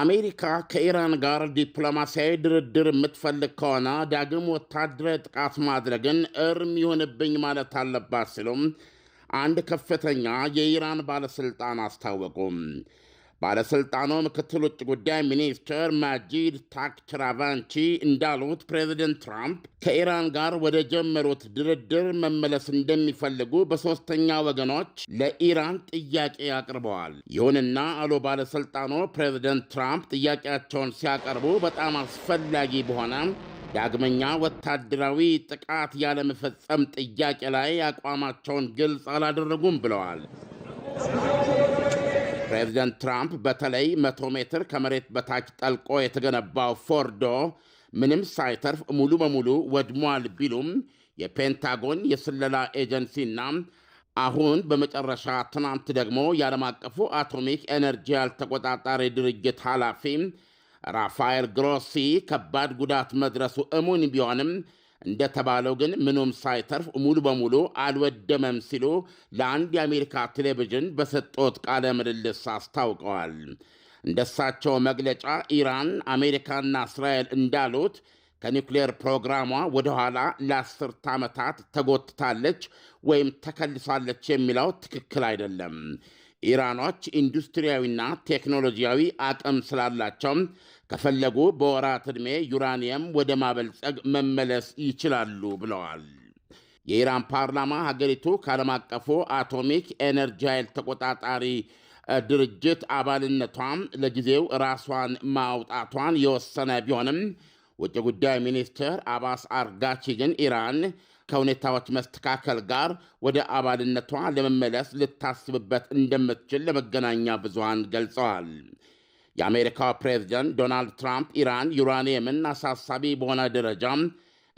አሜሪካ ከኢራን ጋር ዲፕሎማሲያዊ ድርድር የምትፈልግ ከሆነ ዳግም ወታደራዊ ጥቃት ማድረግን እርም ይሆንብኝ ማለት አለባት ሲሉም አንድ ከፍተኛ የኢራን ባለሥልጣን አስታወቁም። ባለሥልጣኑ ምክትል ውጭ ጉዳይ ሚኒስትር ማጂድ ታክትራቫንቺ እንዳሉት ፕሬዚደንት ትራምፕ ከኢራን ጋር ወደ ጀመሩት ድርድር መመለስ እንደሚፈልጉ በሦስተኛ ወገኖች ለኢራን ጥያቄ አቅርበዋል። ይሁንና አሉ ባለሥልጣኑ፣ ፕሬዚደንት ትራምፕ ጥያቄያቸውን ሲያቀርቡ በጣም አስፈላጊ በሆነ ዳግመኛ ወታደራዊ ጥቃት ያለመፈጸም ጥያቄ ላይ አቋማቸውን ግልጽ አላደረጉም ብለዋል። ፕሬዚደንት ትራምፕ በተለይ መቶ ሜትር ከመሬት በታች ጠልቆ የተገነባው ፎርዶ ምንም ሳይተርፍ ሙሉ በሙሉ ወድሟል ቢሉም የፔንታጎን የስለላ ኤጀንሲና አሁን በመጨረሻ ትናንት ደግሞ የዓለም አቀፉ አቶሚክ ኤነርጂ ያልተቆጣጣሪ ድርጅት ኃላፊ ራፋኤል ግሮሲ ከባድ ጉዳት መድረሱ እሙን ቢሆንም እንደተባለው ግን ምኑም ሳይተርፍ ሙሉ በሙሉ አልወደመም ሲሉ ለአንድ የአሜሪካ ቴሌቪዥን በሰጡት ቃለ ምልልስ አስታውቀዋል። እንደሳቸው መግለጫ ኢራን፣ አሜሪካና እስራኤል እንዳሉት ከኒውክሌር ፕሮግራሟ ወደኋላ ለአስርት ዓመታት ተጎትታለች ወይም ተከልሳለች የሚለው ትክክል አይደለም። ኢራኖች ኢንዱስትሪያዊና ቴክኖሎጂያዊ አቅም ስላላቸው ከፈለጉ በወራት ዕድሜ ዩራኒየም ወደ ማበልጸግ መመለስ ይችላሉ ብለዋል። የኢራን ፓርላማ ሀገሪቱ ከዓለም አቀፉ አቶሚክ ኤነርጂ ኃይል ተቆጣጣሪ ድርጅት አባልነቷን ለጊዜው ራሷን ማውጣቷን የወሰነ ቢሆንም ውጭ ጉዳይ ሚኒስትር አባስ አርጋቺ ግን ኢራን ከሁኔታዎች መስተካከል ጋር ወደ አባልነቷ ለመመለስ ልታስብበት እንደምትችል ለመገናኛ ብዙሃን ገልጸዋል። የአሜሪካው ፕሬዚደንት ዶናልድ ትራምፕ ኢራን ዩራኒየምን አሳሳቢ በሆነ ደረጃ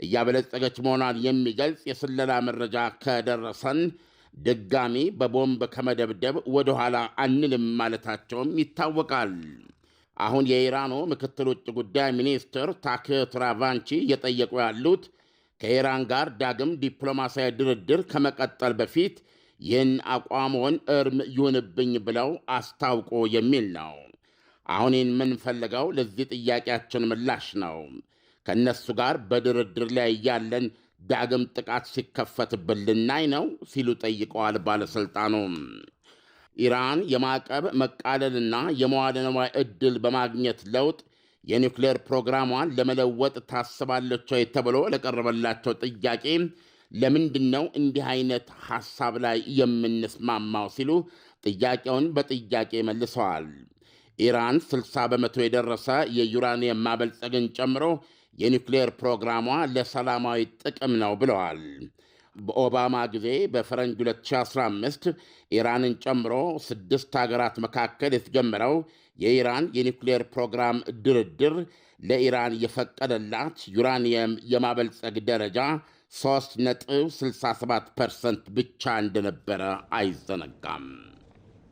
እያበለጸገች መሆኗን የሚገልጽ የስለላ መረጃ ከደረሰን ድጋሚ በቦምብ ከመደብደብ ወደኋላ አንልም ማለታቸውም ይታወቃል። አሁን የኢራኑ ምክትል ውጭ ጉዳይ ሚኒስትር ታክ ትራቫንቺ እየጠየቁ ያሉት ከኢራን ጋር ዳግም ዲፕሎማሲያዊ ድርድር ከመቀጠል በፊት ይህን አቋሞን እርም ይሁንብኝ ብለው አስታውቆ የሚል ነው። አሁን የምንፈልገው ለዚህ ጥያቄያችን ምላሽ ነው። ከእነሱ ጋር በድርድር ላይ እያለን ዳግም ጥቃት ሲከፈትብን ልናይ ነው ሲሉ ጠይቀዋል ባለሥልጣኑ። ኢራን የማዕቀብ መቃለልና የመዋለ ንዋይ ዕድል በማግኘት ለውጥ የኒውክሌር ፕሮግራሟን ለመለወጥ ታስባለች ወይ ተብሎ ለቀረበላቸው ጥያቄ ለምንድን ነው እንዲህ አይነት ሐሳብ ላይ የምንስማማው ሲሉ ጥያቄውን በጥያቄ መልሰዋል። ኢራን 60 በመቶ የደረሰ የዩራኒየም ማበልጸግን ጨምሮ የኒውክሌር ፕሮግራሟ ለሰላማዊ ጥቅም ነው ብለዋል። በኦባማ ጊዜ በፈረንጅ 2015 ኢራንን ጨምሮ ስድስት ሀገራት መካከል የተጀመረው የኢራን የኒውክሌር ፕሮግራም ድርድር ለኢራን የፈቀደላት ዩራኒየም የማበልጸግ ደረጃ 3.67 ፐርሰንት ብቻ እንደነበረ አይዘነጋም።